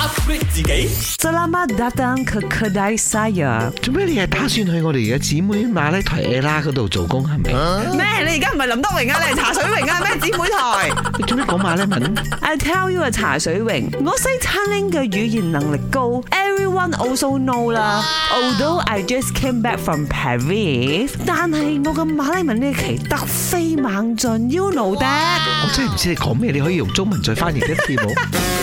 update 自己。Selamat datang ke kedai saya。做咩？你係打算去我哋嘅姊妹馬拉提拉嗰度做工係咪？咩？你而家唔係林德榮啊？你係茶水榮啊？咩姊妹台？你做咩講馬來文？I tell you，茶水榮。我西餐廳嘅語言能力高，everyone also know 啦。Although I just came back from Paris，但係我嘅馬來文呢，奇得飛猛進，you know that。我真係唔知你講咩，你可以用中文再翻譯一次冇？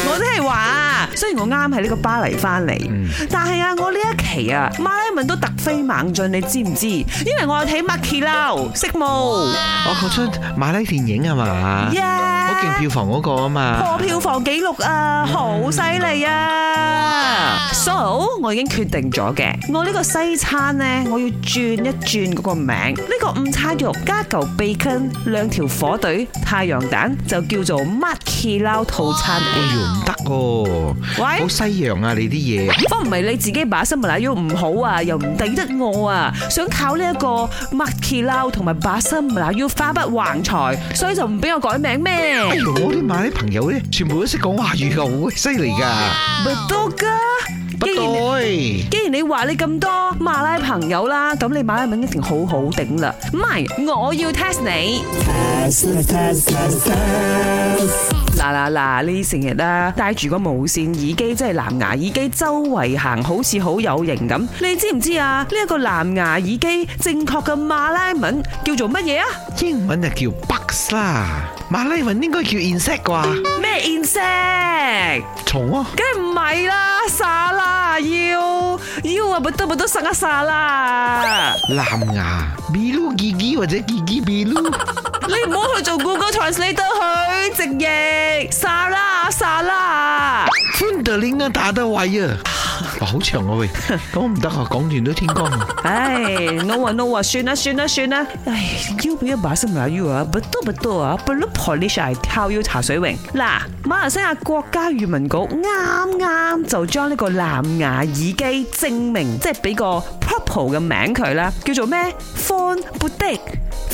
我真係話啊。雖然我啱喺呢個巴黎翻嚟，嗯、但係啊，我呢一期啊，馬拉文都突飛猛進，你知唔知？因為我有睇《Mickey Lou》哇，識冇，我出馬拉電影啊 Yeah, 嘛，我見票房嗰個啊嘛，破票房紀錄啊，好犀利啊哇！So 我已經決定咗嘅，我呢個西餐咧，我要轉一轉嗰個名。呢、這個午餐肉加嚿 bacon 兩條火腿太陽蛋就叫做 McKilo 套餐。哎喲，唔得哦，Why? 好西洋啊你啲嘢。我唔係你自己把新物料要唔好啊，又唔抵得我啊，想靠呢一個 McKilo 同埋把新物料花不橫財，所以就唔俾我改名咩？我啲馬來朋友咧，全部都識講華語噶，好犀利噶。咪多加。不對，既然你話你咁多馬拉朋友啦，咁你馬拉文一定好好頂啦。唔係，我要 test 你。嗱嗱嗱！呢成日啦，戴住個無線耳機，即係藍牙耳機，周圍行好似好有型咁。你知唔知啊？呢一個藍牙耳機正確嘅馬拉文叫做乜嘢啊？英文就叫 box 啦。馬拉文應該叫 insect 啩？咩 insect？蟲啊？梗係唔係啦！沙啦要要不得不得不得啦啊！咪都咪都塞一殺啦！藍牙 biru gigi 或者 gigi biru 你唔好去做 Google Translate 去直譯，殺啦殺啦！潘德林啊打得位啊，好長啊喂，講唔得啊，講完都天光啊！唉，no 啊 no 啊，算啦算啦算啦，唉，要唔要八十萬要啊？不多不多啊，blue polish 係靠 You 茶水泳。嗱，馬來西亞國家語文局啱啱就將呢個藍牙耳機證明，即係俾個 proper 嘅名佢啦，叫做咩？Phone Budik。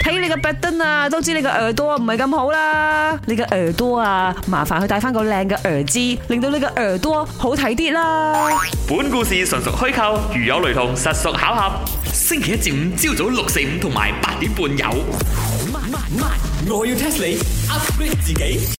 睇，hey，你個鼻墩啊，都知你個耳朵唔係咁好啦。你個耳朵啊，麻煩去戴翻個靚嘅耳枝，令到你個耳朵好睇啲啦。本故事純屬虛構，如有雷同，實屬巧合。星期一至五朝早六四五同埋八點半有。我要 test 你，upgrade，啊，自己。